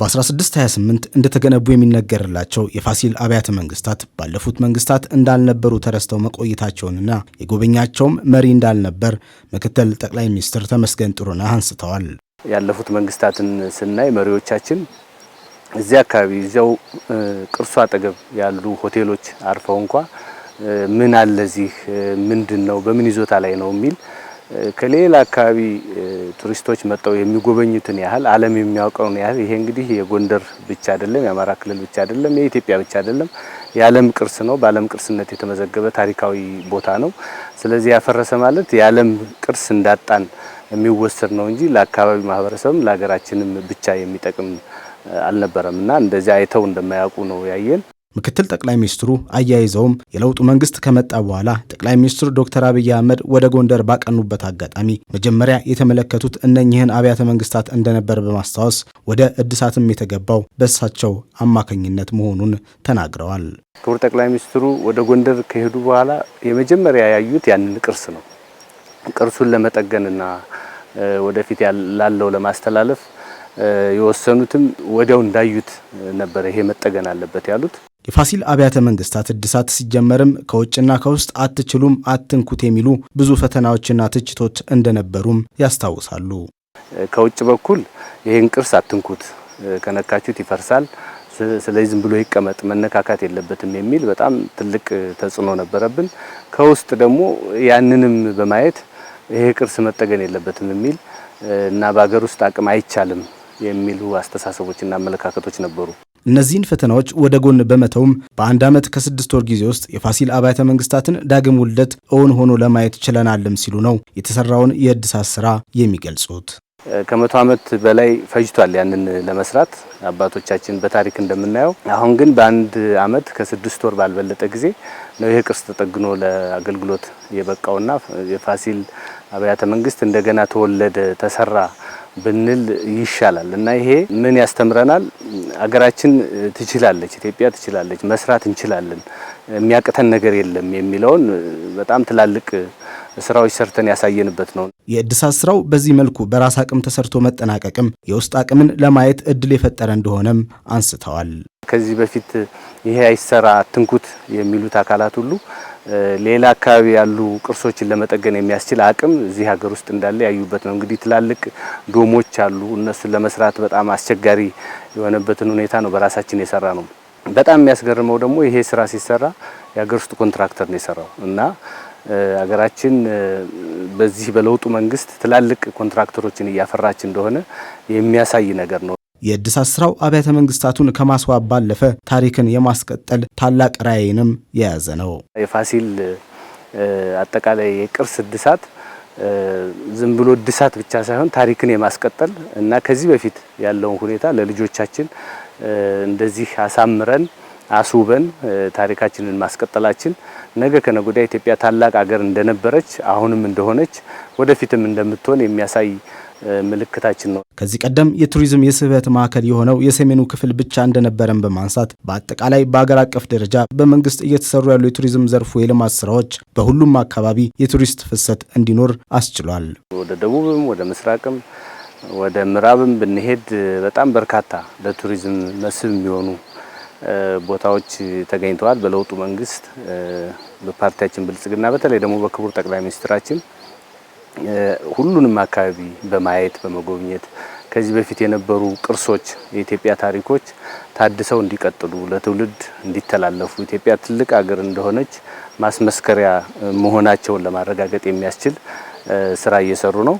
በ1628 እንደተገነቡ የሚነገርላቸው የፋሲል አብያተ መንግስታት ባለፉት መንግስታት እንዳልነበሩ ተረስተው መቆየታቸውንና የጎበኛቸውም መሪ እንዳልነበር ምክትል ጠቅላይ ሚኒስትር ተመስገን ጥሩነህ አንስተዋል። ያለፉት መንግስታትን ስናይ መሪዎቻችን እዚያ አካባቢ እዚያው ቅርሱ አጠገብ ያሉ ሆቴሎች አርፈው እንኳ ምን አለዚህ ምንድን ነው በምን ይዞታ ላይ ነው የሚል ከሌላ አካባቢ ቱሪስቶች መጥተው የሚጎበኙትን ያህል ዓለም የሚያውቀውን ያህል ይሄ እንግዲህ የጎንደር ብቻ አይደለም፣ የአማራ ክልል ብቻ አይደለም፣ የኢትዮጵያ ብቻ አይደለም፣ የዓለም ቅርስ ነው። በዓለም ቅርስነት የተመዘገበ ታሪካዊ ቦታ ነው። ስለዚህ ያፈረሰ ማለት የዓለም ቅርስ እንዳጣን የሚወሰድ ነው እንጂ ለአካባቢ ማህበረሰብም ለሀገራችንም ብቻ የሚጠቅም አልነበረም እና አይተው እንደማያውቁ ነው ያየን። ምክትል ጠቅላይ ሚኒስትሩ አያይዘውም የለውጡ መንግስት ከመጣ በኋላ ጠቅላይ ሚኒስትሩ ዶክተር አብይ አህመድ ወደ ጎንደር ባቀኑበት አጋጣሚ መጀመሪያ የተመለከቱት እነኚህን አብያተ መንግስታት እንደነበር በማስታወስ ወደ እድሳትም የተገባው በእሳቸው አማካኝነት መሆኑን ተናግረዋል። ክቡር ጠቅላይ ሚኒስትሩ ወደ ጎንደር ከሄዱ በኋላ የመጀመሪያ ያዩት ያንን ቅርስ ነው። ቅርሱን ለመጠገንና ወደፊት ላለው ለማስተላለፍ የወሰኑትም ወዲያው እንዳዩት ነበረ። ይሄ መጠገን አለበት ያሉት የፋሲል አብያተ መንግስታት እድሳት ሲጀመርም ከውጭና ከውስጥ አትችሉም፣ አትንኩት የሚሉ ብዙ ፈተናዎችና ትችቶች እንደነበሩም ያስታውሳሉ። ከውጭ በኩል ይህን ቅርስ አትንኩት፣ ከነካችሁት ይፈርሳል፣ ስለዚህ ዝም ብሎ ይቀመጥ፣ መነካካት የለበትም የሚል በጣም ትልቅ ተጽዕኖ ነበረብን። ከውስጥ ደግሞ ያንንም በማየት ይሄ ቅርስ መጠገን የለበትም የሚል እና በሀገር ውስጥ አቅም አይቻልም የሚሉ አስተሳሰቦችና አመለካከቶች ነበሩ። እነዚህን ፈተናዎች ወደ ጎን በመተውም በአንድ ዓመት ከስድስት ወር ጊዜ ውስጥ የፋሲል አብያተ መንግስታትን ዳግም ውልደት እውን ሆኖ ለማየት ችለናልም ሲሉ ነው የተሰራውን የእድሳት ስራ የሚገልጹት። ከመቶ ዓመት በላይ ፈጅቷል ያንን ለመስራት አባቶቻችን በታሪክ እንደምናየው። አሁን ግን በአንድ ዓመት ከስድስት ወር ባልበለጠ ጊዜ ነው ይህ ቅርስ ተጠግኖ ለአገልግሎት የበቃውና የፋሲል አብያተ መንግስት እንደገና ተወለደ ተሰራ ብንል ይሻላል እና ይሄ ምን ያስተምረናል? አገራችን ትችላለች፣ ኢትዮጵያ ትችላለች፣ መስራት እንችላለን፣ የሚያቅተን ነገር የለም የሚለውን በጣም ትላልቅ ስራዎች ሰርተን ያሳየንበት ነው። የእድሳት ስራው በዚህ መልኩ በራስ አቅም ተሰርቶ መጠናቀቅም የውስጥ አቅምን ለማየት እድል የፈጠረ እንደሆነም አንስተዋል። ከዚህ በፊት ይሄ አይሰራ አትንኩት የሚሉት አካላት ሁሉ ሌላ አካባቢ ያሉ ቅርሶችን ለመጠገን የሚያስችል አቅም እዚህ ሀገር ውስጥ እንዳለ ያዩበት ነው። እንግዲህ ትላልቅ ዶሞች አሉ። እነሱን ለመስራት በጣም አስቸጋሪ የሆነበትን ሁኔታ ነው በራሳችን የሰራ ነው። በጣም የሚያስገርመው ደግሞ ይሄ ስራ ሲሰራ የሀገር ውስጥ ኮንትራክተር ነው የሰራው እና ሀገራችን በዚህ በለውጡ መንግስት ትላልቅ ኮንትራክተሮችን እያፈራች እንደሆነ የሚያሳይ ነገር ነው። የእድሳት ስራው አብያተ መንግስታቱን ከማስዋብ ባለፈ ታሪክን የማስቀጠል ታላቅ ራዕይንም የያዘ ነው። የፋሲል አጠቃላይ የቅርስ እድሳት ዝም ብሎ እድሳት ብቻ ሳይሆን ታሪክን የማስቀጠል እና ከዚህ በፊት ያለውን ሁኔታ ለልጆቻችን እንደዚህ አሳምረን አስውበን ታሪካችንን ማስቀጠላችን ነገ ከነጎዳ ኢትዮጵያ ታላቅ ሀገር እንደነበረች አሁንም እንደሆነች ወደፊትም እንደምትሆን የሚያሳይ ምልክታችን ነው። ከዚህ ቀደም የቱሪዝም የስበት ማዕከል የሆነው የሰሜኑ ክፍል ብቻ እንደነበረን በማንሳት በአጠቃላይ በአገር አቀፍ ደረጃ በመንግስት እየተሰሩ ያሉ የቱሪዝም ዘርፉ የልማት ስራዎች በሁሉም አካባቢ የቱሪስት ፍሰት እንዲኖር አስችሏል። ወደ ደቡብም ወደ ምስራቅም ወደ ምዕራብም ብንሄድ በጣም በርካታ ለቱሪዝም መስህብ የሚሆኑ ቦታዎች ተገኝተዋል። በለውጡ መንግስት በፓርቲያችን ብልጽግና በተለይ ደግሞ በክቡር ጠቅላይ ሚኒስትራችን ሁሉንም አካባቢ በማየት በመጎብኘት ከዚህ በፊት የነበሩ ቅርሶች፣ የኢትዮጵያ ታሪኮች ታድሰው እንዲቀጥሉ ለትውልድ እንዲተላለፉ ኢትዮጵያ ትልቅ አገር እንደሆነች ማስመስከሪያ መሆናቸውን ለማረጋገጥ የሚያስችል ስራ እየሰሩ ነው።